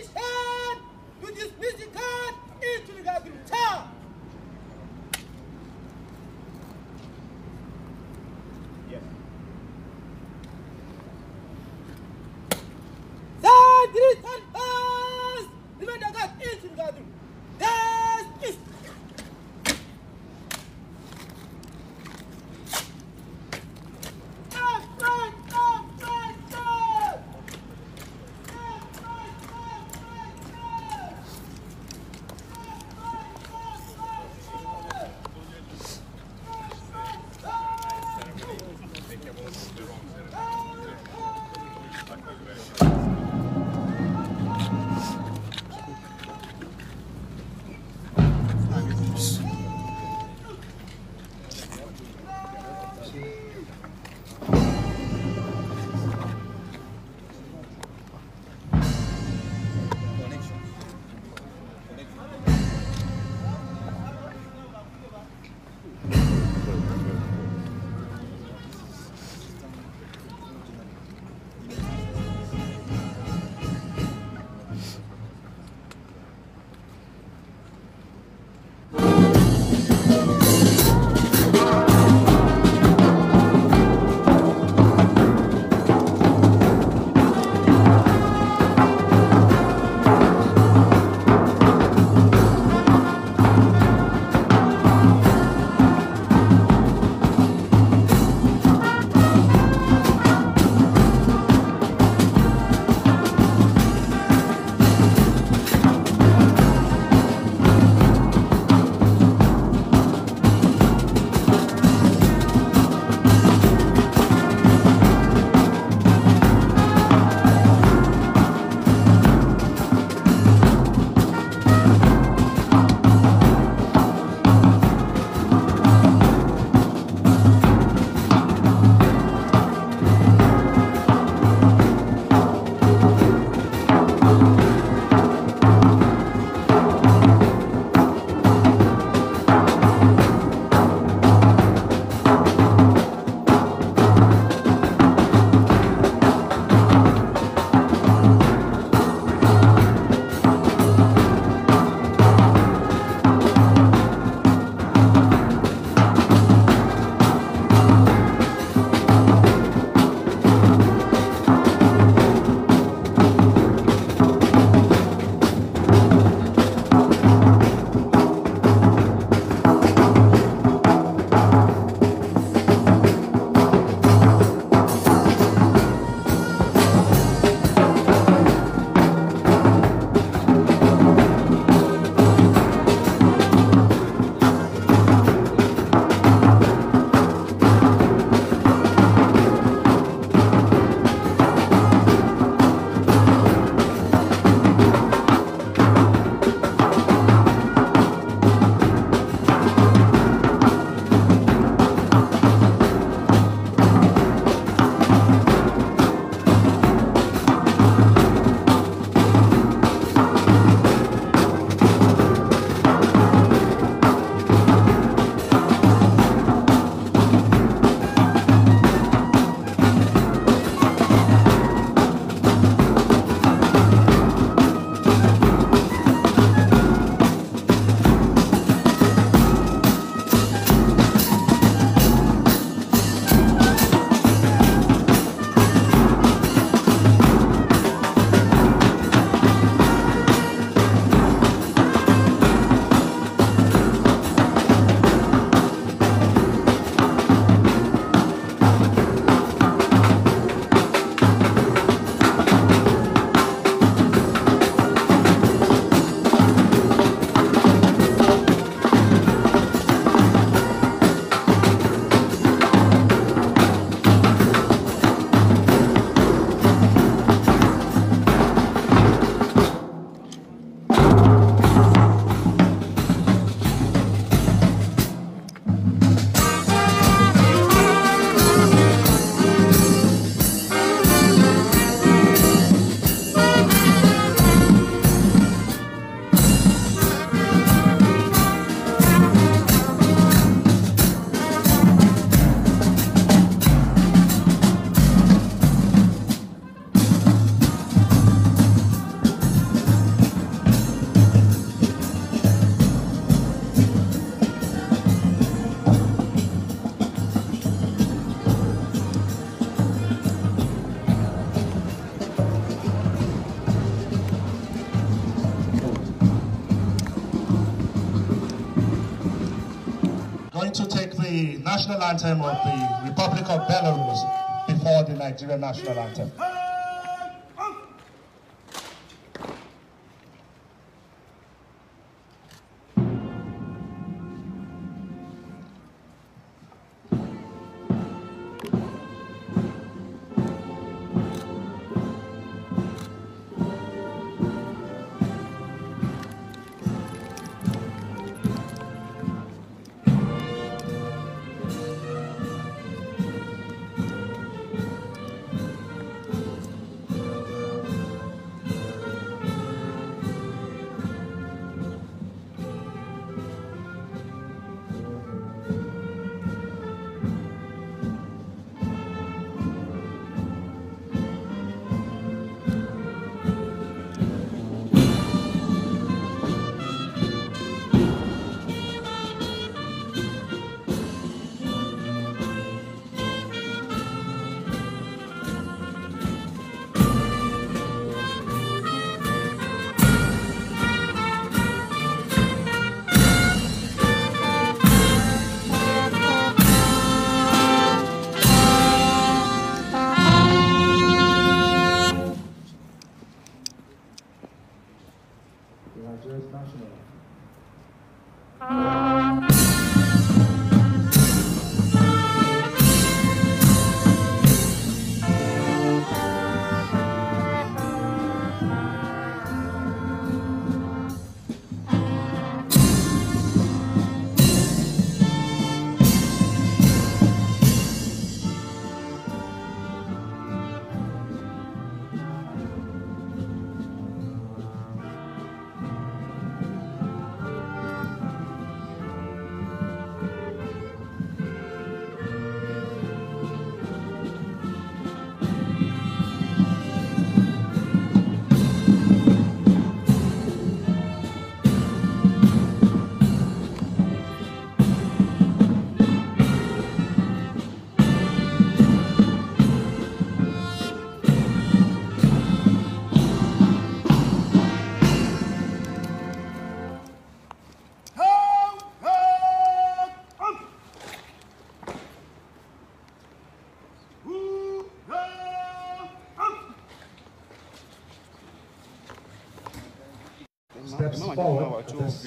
Christian, you dismiss God into the God going to take the national anthem of the Republic of Belarus before the Nigerian national anthem.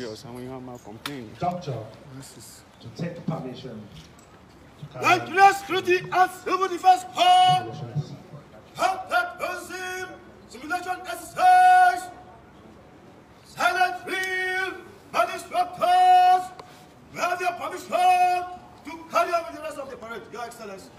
serious and we hear my complaint. Doctor, this is to take permission. Righteous duty and civil defense power, help that person, simulation exercise, silent real magistrates, where they are permission to carry out the rest of the parade, Your Excellency.